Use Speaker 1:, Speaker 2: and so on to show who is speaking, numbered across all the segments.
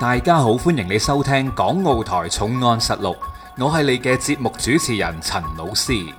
Speaker 1: 大家好，歡迎你收聽《港澳台重案實錄》，我係你嘅節目主持人陳老師。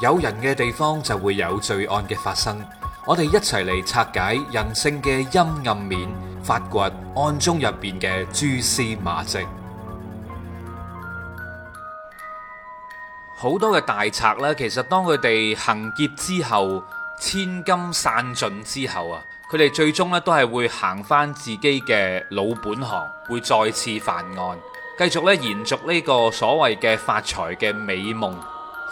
Speaker 1: 有人嘅地方就會有罪案嘅發生，我哋一齊嚟拆解人性嘅陰暗面，發掘案中入邊嘅蛛絲馬跡。好多嘅大賊呢，其實當佢哋行劫之後，千金散盡之後啊。佢哋最終咧都係會行翻自己嘅老本行，會再次犯案，繼續咧延續呢個所謂嘅發財嘅美夢。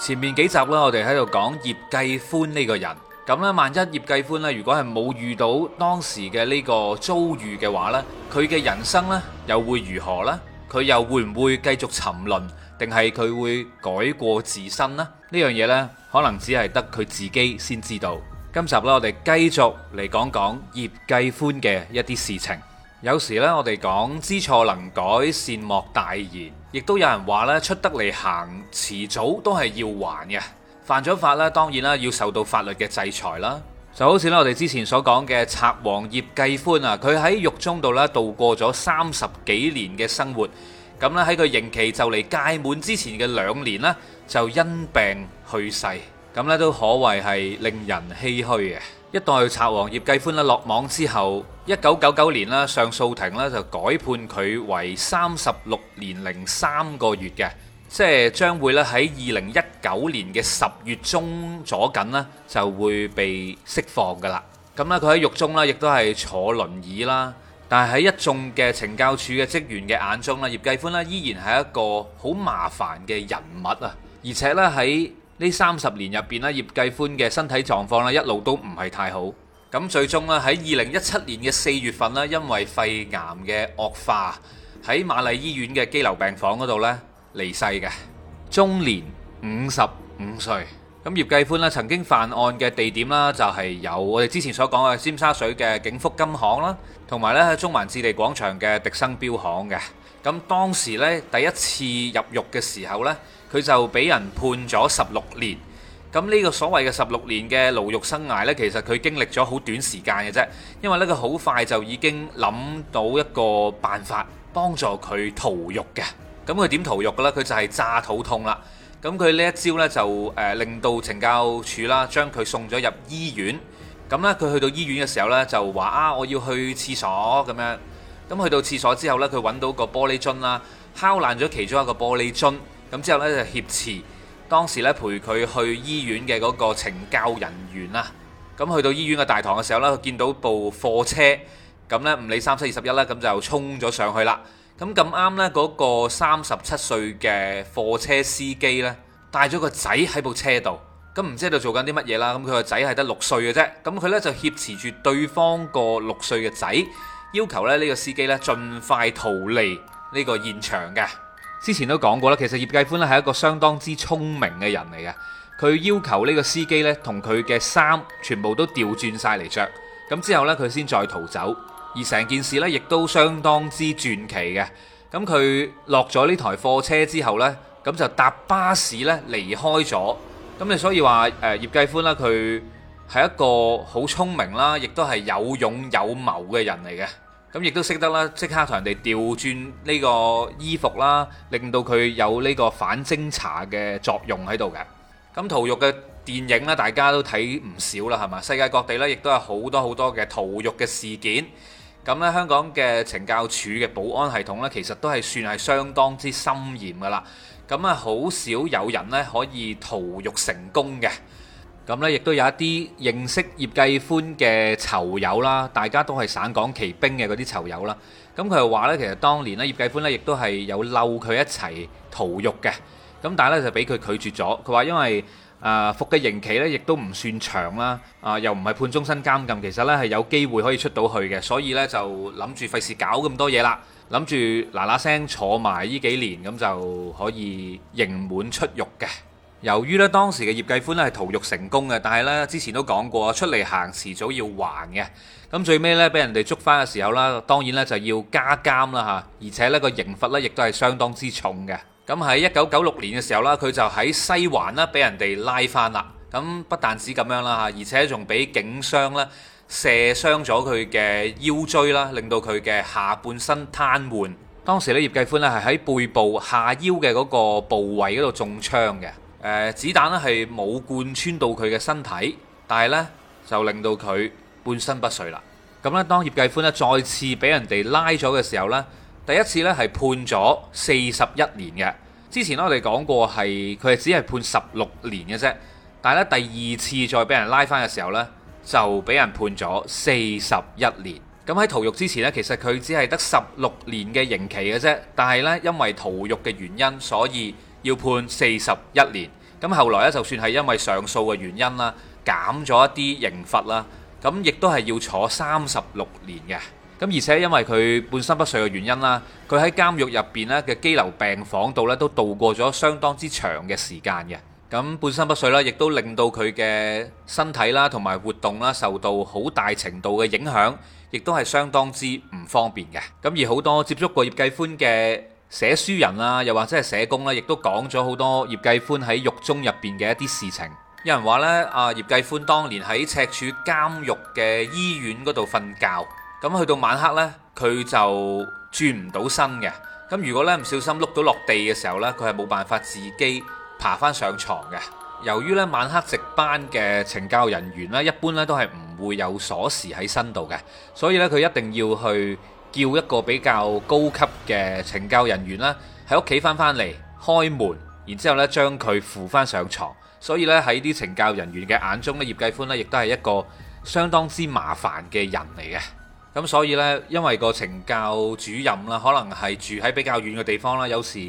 Speaker 1: 前面幾集咧，我哋喺度講葉繼歡呢個人。咁咧，萬一葉繼歡咧，如果係冇遇到當時嘅呢個遭遇嘅話咧，佢嘅人生咧又會如何咧？佢又會唔會繼續沉淪，定係佢會改過自新咧？呢樣嘢咧，可能只係得佢自己先知道。今集啦，我哋繼續嚟講講葉繼歡嘅一啲事情。有時咧，我哋講知錯能改善莫大焉，亦都有人話咧，出得嚟行，遲早都係要還嘅。犯咗法啦，當然啦，要受到法律嘅制裁啦。就好似咧，我哋之前所講嘅賊王葉繼歡啊，佢喺獄中度啦度過咗三十幾年嘅生活，咁咧喺佢刑期就嚟屆滿之前嘅兩年呢，就因病去世。咁咧都可謂係令人唏噓嘅。一代賊王葉繼歡咧落網之後，一九九九年啦，上訴庭咧就改判佢為三十六年零三個月嘅，即係將會咧喺二零一九年嘅十月中左緊咧就會被釋放噶啦。咁咧佢喺獄中咧亦都係坐輪椅啦，但係喺一眾嘅懲教署嘅職員嘅眼中啦，葉繼歡咧依然係一個好麻煩嘅人物啊，而且咧喺。呢三十年入邊咧，葉繼歡嘅身體狀況咧一路都唔係太好。咁最終咧喺二零一七年嘅四月份咧，因為肺癌嘅惡化，喺瑪麗醫院嘅羈留病房嗰度咧離世嘅，終年五十五歲。咁葉繼歡咧曾經犯案嘅地點啦，就係有我哋之前所講嘅尖沙咀嘅景福金行啦，同埋咧喺中環置地廣場嘅迪生標行嘅。咁當時咧第一次入獄嘅時候咧。佢就俾人判咗十六年。咁呢個所謂嘅十六年嘅牢獄生涯呢，其實佢經歷咗好短時間嘅啫，因為呢，佢好快就已經諗到一個辦法幫助佢逃獄嘅。咁佢點逃獄嘅呢？佢就係詐肚痛啦。咁佢呢一招呢，就誒、呃、令到懲教署啦，將佢送咗入醫院。咁呢，佢去到醫院嘅時候呢，就話啊，我要去廁所咁樣。咁去到廁所之後呢，佢揾到個玻璃樽啦，敲爛咗其中一個玻璃樽。咁之後咧就挾持當時咧陪佢去醫院嘅嗰個懲教人員啦。咁去到醫院嘅大堂嘅時候咧，佢見到部貨車，咁咧唔理三七二十一啦，咁就衝咗上去啦。咁咁啱咧，嗰個三十七歲嘅貨車司機咧，帶咗個仔喺部車度，咁唔知喺度做緊啲乜嘢啦。咁佢個仔係得六歲嘅啫，咁佢咧就挾持住對方個六歲嘅仔，要求咧呢個司機咧盡快逃離呢個現場嘅。之前都講過啦，其實葉繼歡咧係一個相當之聰明嘅人嚟嘅。佢要求呢個司機咧同佢嘅衫全部都調轉晒嚟着，咁之後呢，佢先再逃走。而成件事呢亦都相當之傳奇嘅。咁佢落咗呢台貨車之後呢，咁就搭巴士咧離開咗。咁你所以話誒葉繼歡咧，佢係一個好聰明啦，亦都係有勇有謀嘅人嚟嘅。咁亦都識得啦，即刻同人哋調轉呢個衣服啦，令到佢有呢個反偵查嘅作用喺度嘅。咁逃獄嘅電影咧，大家都睇唔少啦，係嘛？世界各地呢亦都有好多好多嘅逃獄嘅事件。咁、嗯、呢香港嘅懲教署嘅保安系統呢，其實都係算係相當之森嚴噶啦。咁、嗯、啊，好少有人呢可以逃獄成功嘅。咁咧，亦都有一啲認識葉繼歡嘅囚友啦，大家都係省港奇兵嘅嗰啲囚友啦。咁佢又話咧，其實當年咧，葉繼歡咧亦都係有嬲佢一齊逃獄嘅，咁但係咧就俾佢拒絕咗。佢話因為誒服嘅刑期咧，亦都唔算長啦，啊又唔係判終身監禁，其實咧係有機會可以出到去嘅，所以咧就諗住費事搞咁多嘢啦，諗住嗱嗱聲坐埋呢幾年，咁就可以刑滿出獄嘅。由於咧當時嘅葉繼歡咧係逃獄成功嘅，但係咧之前都講過，出嚟行遲早要還嘅。咁最尾咧俾人哋捉翻嘅時候啦，當然咧就要加監啦嚇，而且咧個刑罰咧亦都係相當之重嘅。咁喺一九九六年嘅時候啦，佢就喺西環啦俾人哋拉翻啦。咁不但止咁樣啦嚇，而且仲俾警槍咧射傷咗佢嘅腰椎啦，令到佢嘅下半身癱瘓。當時咧葉繼歡咧係喺背部下腰嘅嗰個部位嗰度中槍嘅。誒子彈咧係冇貫穿到佢嘅身體，但係呢就令到佢半身不遂啦。咁、嗯、呢，當葉繼歡咧再次俾人哋拉咗嘅時候呢，第一次呢係判咗四十一年嘅。之前我哋講過係佢係只係判十六年嘅啫，但係咧第二次再俾人拉返嘅時候呢，就俾人判咗四十一年。咁喺逃獄之前呢，其實佢只係得十六年嘅刑期嘅啫，但係呢，因為逃獄嘅原因，所以。要判四十一年，咁後來咧就算係因為上訴嘅原因啦，減咗一啲刑罰啦，咁亦都係要坐三十六年嘅。咁而且因為佢半身不遂嘅原因啦，佢喺監獄入邊咧嘅羈留病房度咧都度過咗相當之長嘅時間嘅。咁半身不遂啦，亦都令到佢嘅身體啦同埋活動啦受到好大程度嘅影響，亦都係相當之唔方便嘅。咁而好多接觸過葉繼歡嘅。寫書人啦、啊，又或者係社工咧、啊，亦都講咗好多葉繼歡喺獄中入邊嘅一啲事情。有人話咧，啊葉繼歡當年喺赤柱監獄嘅醫院嗰度瞓覺，咁、嗯、去到晚黑呢，佢就轉唔到身嘅。咁如果咧唔小心碌到落地嘅時候呢，佢係冇辦法自己爬翻上床嘅。由於呢晚黑值班嘅懲教人員呢，一般呢都係唔會有鎖匙喺身度嘅，所以咧佢一定要去。叫一個比較高級嘅懲教人員啦，喺屋企翻返嚟開門，然之後咧將佢扶翻上床。所以咧喺啲懲教人員嘅眼中咧，葉繼歡咧亦都係一個相當之麻煩嘅人嚟嘅。咁所以呢，因為個懲教主任啦，可能係住喺比較遠嘅地方啦，有時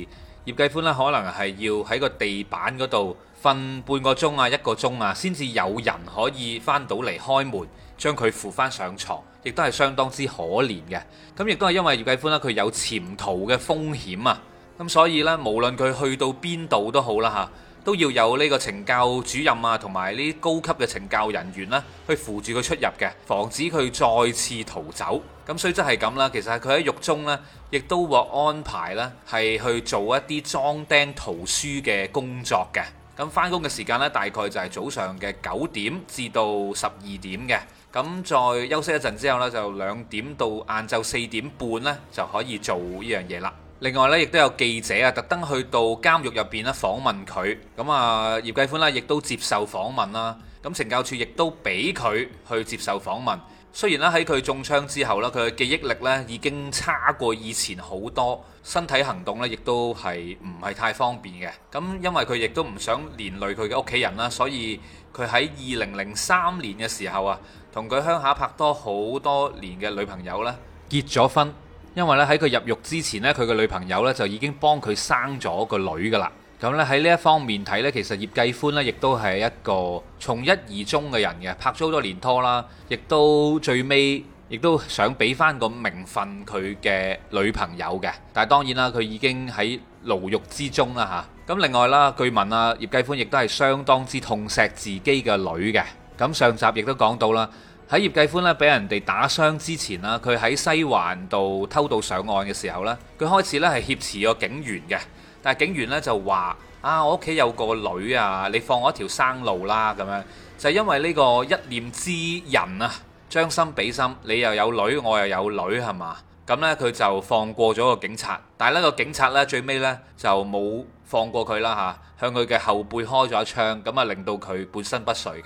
Speaker 1: 葉繼歡咧可能係要喺個地板嗰度瞓半個鐘啊一個鐘啊，先至有人可以翻到嚟開門，將佢扶翻上床。亦都係相當之可憐嘅，咁亦都係因為葉繼歡啦，佢有潛逃嘅風險啊，咁所以呢，無論佢去到邊度都好啦嚇，都要有呢個懲教主任啊，同埋呢啲高級嘅懲教人員呢，去扶住佢出入嘅，防止佢再次逃走。咁所以即係咁啦，其實佢喺獄中呢，亦都獲安排呢，係去做一啲裝釘圖書嘅工作嘅。咁返工嘅時間呢，大概就係早上嘅九點至到十二點嘅。咁再休息一陣之後呢，就兩點到晏晝四點半呢，就可以做呢樣嘢啦。另外呢，亦都有記者啊，特登去到監獄入邊呢，訪問佢。咁啊，葉繼歡啦，亦都接受訪問啦。咁懲教處亦都俾佢去接受訪問。雖然呢，喺佢中槍之後呢，佢嘅記憶力呢已經差過以前好多，身體行動呢亦都係唔係太方便嘅。咁因為佢亦都唔想連累佢嘅屋企人啦，所以佢喺二零零三年嘅時候啊，同佢鄉下拍拖好多年嘅女朋友呢，結咗婚。因為呢喺佢入獄之前呢，佢嘅女朋友呢，就已經幫佢生咗個女噶啦。咁呢，喺呢一方面睇呢，其實葉繼歡呢，亦都係一個從一而終嘅人嘅，拍咗好多年拖啦，亦都最尾亦都想俾翻個名分佢嘅女朋友嘅。但係當然啦，佢已經喺牢獄之中啦嚇。咁、啊、另外啦，據聞啊，葉繼歡亦都係相當之痛錫自己嘅女嘅。咁上集亦都講到啦，喺葉繼歡咧俾人哋打傷之前啦，佢喺西環度偷渡上岸嘅時候咧，佢開始咧係挾持個警員嘅，但係警員咧就話：啊，我屋企有個女啊，你放我一條生路啦咁樣。就係因為呢個一念之仁啊，將心比心，你又有女，我又有女，係嘛？咁呢，佢就放過咗個警察，但係呢個警察呢，最尾呢就冇。放過佢啦，嚇，向佢嘅後背開咗一槍，咁啊令到佢半身不遂嘅。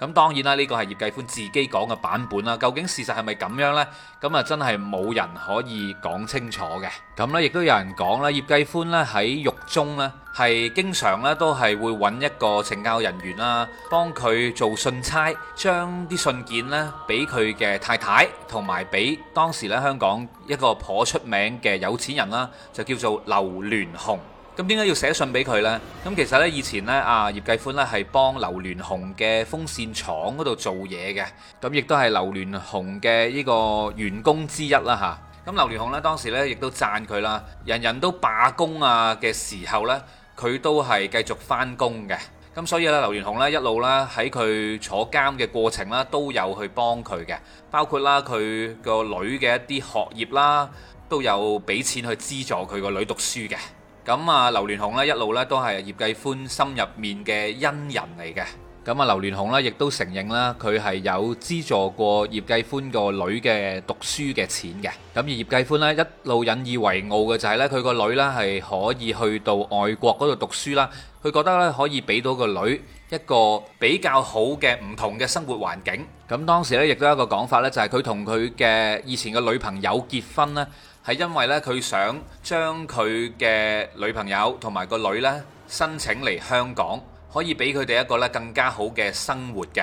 Speaker 1: 咁當然啦，呢個係葉繼歡自己講嘅版本啦。究竟事實係咪咁樣咧？咁啊真係冇人可以講清楚嘅。咁咧亦都有人講咧，葉繼歡咧喺獄中咧係經常咧都係會揾一個懲教人員啦，幫佢做信差，將啲信件咧俾佢嘅太太同埋俾當時咧香港一個頗出名嘅有錢人啦，就叫做劉鑾雄。咁點解要寫信俾佢呢？咁其實呢，以前呢，啊葉繼歡呢係幫劉聯雄嘅風扇廠嗰度做嘢嘅，咁亦都係劉聯雄嘅呢個員工之一啦嚇。咁劉聯雄呢，當時呢亦都讚佢啦，人人都罷工啊嘅時候呢，佢都係繼續翻工嘅。咁所以呢，劉聯雄呢一路啦，喺佢坐監嘅過程啦，都有去幫佢嘅，包括啦佢個女嘅一啲學業啦，都有俾錢去資助佢個女讀書嘅。咁啊，劉銮雄咧一路咧都係葉繼歡心入面嘅恩人嚟嘅。咁啊，劉銮雄咧亦都承認啦，佢係有資助過葉繼歡個女嘅讀書嘅錢嘅。咁而葉繼歡咧一路引以為傲嘅就係咧，佢個女咧係可以去到外國嗰度讀書啦。佢覺得咧可以俾到個女一個比較好嘅唔同嘅生活環境。咁當時咧亦都有一個講法咧，就係佢同佢嘅以前嘅女朋友結婚咧。係因為咧，佢想將佢嘅女朋友同埋個女咧申請嚟香港，可以俾佢哋一個咧更加好嘅生活嘅。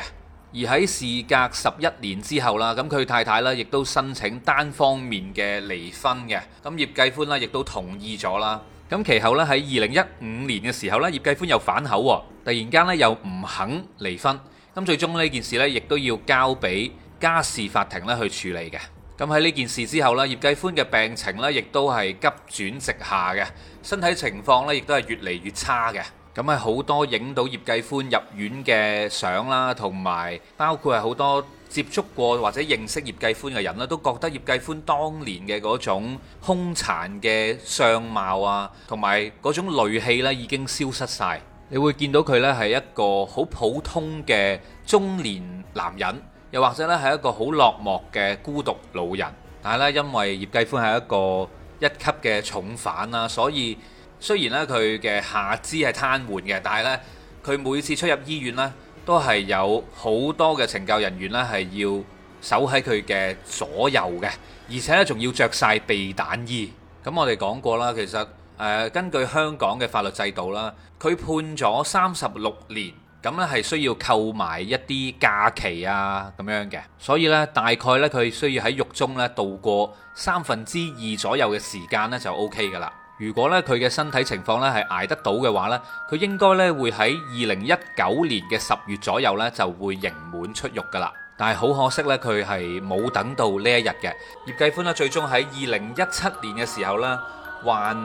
Speaker 1: 而喺事隔十一年之後啦，咁佢太太啦亦都申請單方面嘅離婚嘅。咁葉繼歡啦亦都同意咗啦。咁其後咧喺二零一五年嘅時候咧，葉繼歡又反口喎，突然間咧又唔肯離婚。咁最終呢件事咧亦都要交俾家事法庭咧去處理嘅。咁喺呢件事之後呢葉繼歡嘅病情呢亦都係急轉直下嘅，身體情況呢亦都係越嚟越差嘅。咁係好多影到葉繼歡入院嘅相啦，同埋包括係好多接觸過或者認識葉繼歡嘅人呢都覺得葉繼歡當年嘅嗰種兇殘嘅相貌啊，同埋嗰種戾氣呢已經消失晒。你會見到佢呢係一個好普通嘅中年男人。又或者咧係一個好落寞嘅孤獨老人，但係咧因為葉繼歡係一個一級嘅重犯啦，所以雖然咧佢嘅下肢係癱瘓嘅，但係咧佢每次出入醫院咧都係有好多嘅懲教人員咧係要守喺佢嘅左右嘅，而且咧仲要著曬避彈衣。咁我哋講過啦，其實誒根據香港嘅法律制度啦，佢判咗三十六年。咁咧係需要購買一啲假期啊咁樣嘅，所以呢大概呢佢需要喺獄中呢度過三分之二左右嘅時間呢就 OK 噶啦。如果呢佢嘅身體情況呢係捱得到嘅話呢，佢應該呢會喺二零一九年嘅十月左右呢就會刑滿出獄噶啦。但係好可惜呢，佢係冇等到呢一日嘅。葉繼歡呢最終喺二零一七年嘅時候呢患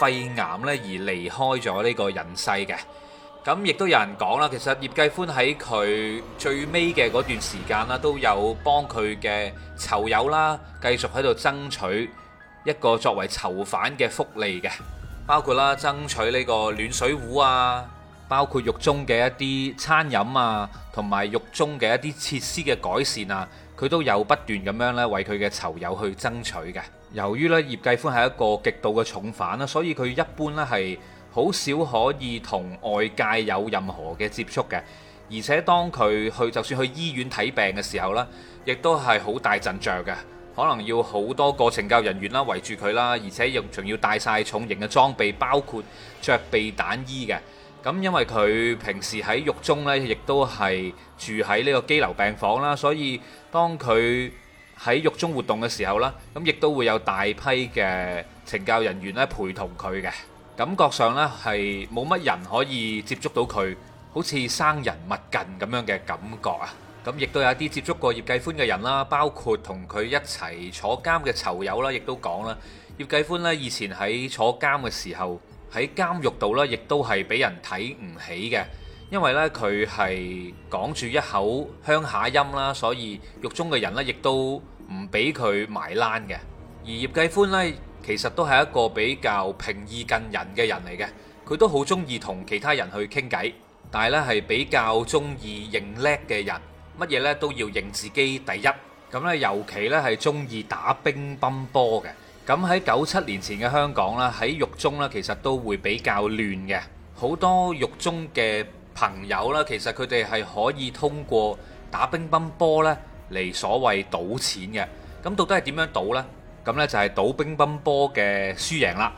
Speaker 1: 肺癌呢而離開咗呢個人世嘅。咁亦都有人講啦，其實葉繼歡喺佢最尾嘅嗰段時間啦，都有幫佢嘅囚友啦，繼續喺度爭取一個作為囚犯嘅福利嘅，包括啦爭取呢個暖水壺啊，包括獄中嘅一啲餐飲啊，同埋獄中嘅一啲設施嘅改善啊，佢都有不斷咁樣咧為佢嘅囚友去爭取嘅。由於咧葉繼歡係一個極度嘅重犯啦，所以佢一般咧係，好少可以同外界有任何嘅接觸嘅，而且當佢去就算去醫院睇病嘅時候咧，亦都係好大陣仗嘅，可能要好多個懲教人員啦圍住佢啦，而且又仲要帶晒重型嘅裝備，包括着避彈衣嘅。咁因為佢平時喺獄中咧，亦都係住喺呢個羈留病房啦，所以當佢喺獄中活動嘅時候啦，咁亦都會有大批嘅懲教人員咧陪同佢嘅。感覺上咧係冇乜人可以接觸到佢，好似生人勿近咁樣嘅感覺啊！咁亦都有啲接觸過葉繼歡嘅人啦，包括同佢一齊坐監嘅囚友啦，亦都講啦，葉繼歡咧以前喺坐監嘅時候喺監獄度呢，亦都係俾人睇唔起嘅，因為呢，佢係講住一口鄉下音啦，所以獄中嘅人呢，亦都唔俾佢埋欄嘅。而葉繼歡呢，其實都係一個比較平易近人嘅人嚟嘅，佢都好中意同其他人去傾偈，但係咧係比較中意認叻嘅人，乜嘢咧都要認自己第一。咁咧尤其咧係中意打乒乓波嘅。咁喺九七年前嘅香港咧，喺獄中咧，其實都會比較亂嘅，好多獄中嘅朋友咧，其實佢哋係可以通過打乒乓波咧嚟所謂賭錢嘅。咁到底係點樣賭咧？咁咧就係賭乒乓波嘅輸贏啦。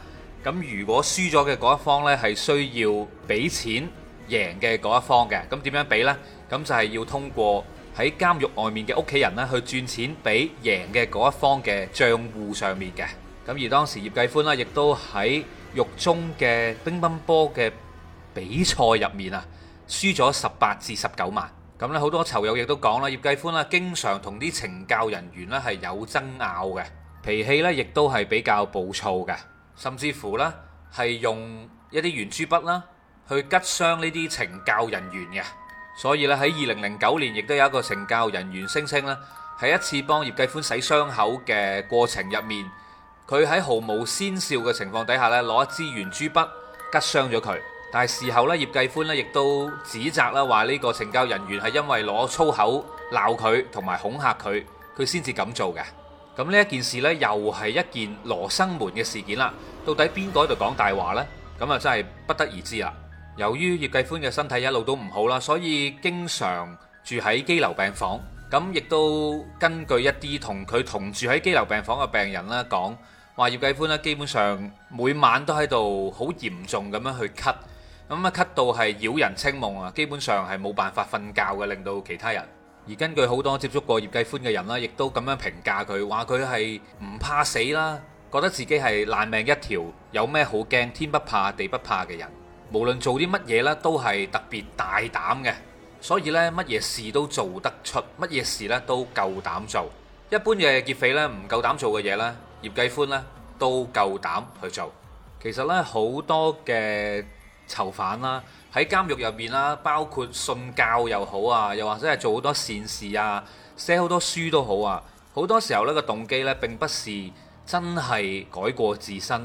Speaker 1: 咁如果輸咗嘅嗰一方咧，係需要俾錢贏嘅嗰一方嘅，咁點樣俾咧？咁就係要通過喺監獄外面嘅屋企人咧去轉錢俾贏嘅嗰一方嘅賬戶上面嘅。咁而當時葉繼歡啦，亦都喺獄中嘅乒乓波嘅比賽入面啊，輸咗十八至十九萬。咁咧好多囚友亦都講啦，葉繼歡啦經常同啲懲教人員咧係有爭拗嘅。脾氣咧亦都係比較暴躁嘅，甚至乎咧係用一啲圓珠筆啦去拮傷呢啲懲教人員嘅。所以咧喺二零零九年，亦都有一個懲教人員聲稱咧，喺一次幫葉繼歡洗傷口嘅過程入面，佢喺毫無先兆嘅情況底下咧攞一支圓珠筆拮傷咗佢。但係事後咧，葉繼歡咧亦都指責啦話呢個懲教人員係因為攞粗口鬧佢同埋恐嚇佢，佢先至咁做嘅。咁呢一件事呢，又係一件羅生門嘅事件啦。到底邊個喺度講大話呢？咁啊，真係不得而知啦。由於葉繼歡嘅身體一路都唔好啦，所以經常住喺羈留病房。咁亦都根據一啲同佢同住喺羈留病房嘅病人啦，講話葉繼歡呢，基本上每晚都喺度好嚴重咁樣去咳。咁啊，咳到係擾人清夢啊，基本上係冇辦法瞓覺嘅，令到其他人。而根據好多接觸過葉繼歡嘅人啦，亦都咁樣評價佢，話佢係唔怕死啦，覺得自己係爛命一條，有咩好驚，天不怕地不怕嘅人，無論做啲乜嘢呢都係特別大膽嘅，所以呢，乜嘢事都做得出，乜嘢事呢都夠膽做。一般嘅劫匪呢，唔夠膽做嘅嘢呢，葉繼歡呢都夠膽去做。其實呢，好多嘅囚犯啦。喺監獄入面啦，包括信教又好啊，又或者係做好多善事啊，寫好多書都好啊。好多時候呢個動機呢，並不是真係改過自新，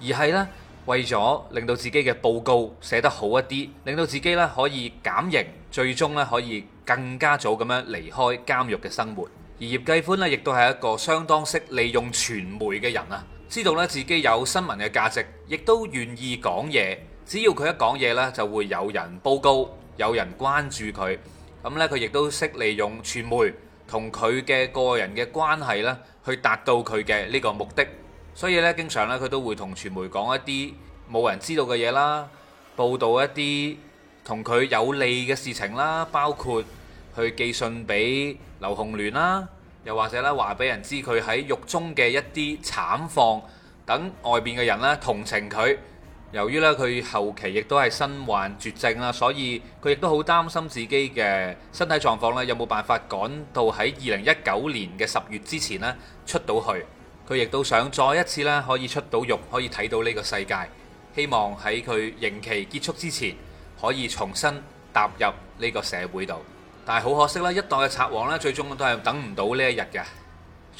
Speaker 1: 而係呢，為咗令到自己嘅報告寫得好一啲，令到自己呢可以減刑，最終呢可以更加早咁樣離開監獄嘅生活。而葉繼歡呢，亦都係一個相當識利用傳媒嘅人啊，知道呢自己有新聞嘅價值，亦都願意講嘢。只要佢一講嘢咧，就會有人報告，有人關注佢。咁咧，佢亦都識利用傳媒同佢嘅個人嘅關係咧，去達到佢嘅呢個目的。所以咧，經常咧，佢都會同傳媒講一啲冇人知道嘅嘢啦，報導一啲同佢有利嘅事情啦，包括去寄信俾劉洪聯啦，又或者咧話俾人知佢喺獄中嘅一啲慘況，等外邊嘅人咧同情佢。由於咧佢後期亦都係身患絕症啦，所以佢亦都好擔心自己嘅身體狀況咧，有冇辦法趕到喺二零一九年嘅十月之前咧出到去？佢亦都想再一次咧可以出到獄，可以睇到呢個世界。希望喺佢刑期結束之前，可以重新踏入呢個社會度。但係好可惜啦，一代嘅賊王咧，最終都係等唔到呢一日嘅。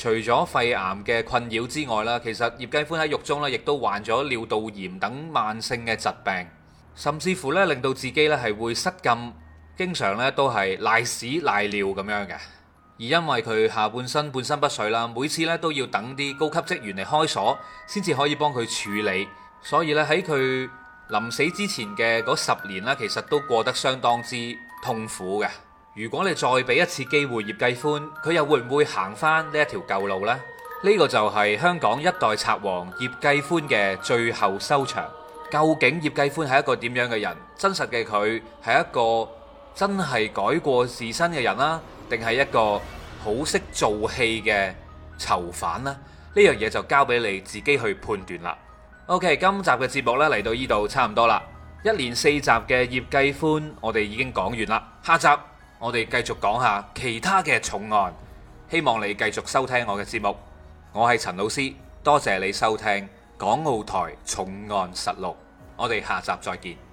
Speaker 1: 除咗肺癌嘅困擾之外啦，其實葉繼歡喺獄中咧，亦都患咗尿道炎等慢性嘅疾病，甚至乎咧令到自己咧係會失禁，經常咧都係賴屎賴尿咁樣嘅。而因為佢下半身半身不遂啦，每次咧都要等啲高級職員嚟開鎖，先至可以幫佢處理。所以咧喺佢臨死之前嘅嗰十年啦，其實都過得相當之痛苦嘅。如果你再俾一次機會葉繼歡，佢又會唔會行翻呢一條舊路呢？呢個就係香港一代賊王葉繼歡嘅最後收場。究竟葉繼歡係一個點樣嘅人？真實嘅佢係一個真係改過自身嘅人啦，定係一個好識做戲嘅囚犯呢？呢樣嘢就交俾你自己去判斷啦。OK，今集嘅節目咧嚟，到呢度差唔多啦。一連四集嘅葉繼歡，我哋已經講完啦。下集。我哋繼續講下其他嘅重案，希望你繼續收聽我嘅節目。我係陳老師，多謝你收聽《港澳台重案實錄》，我哋下集再見。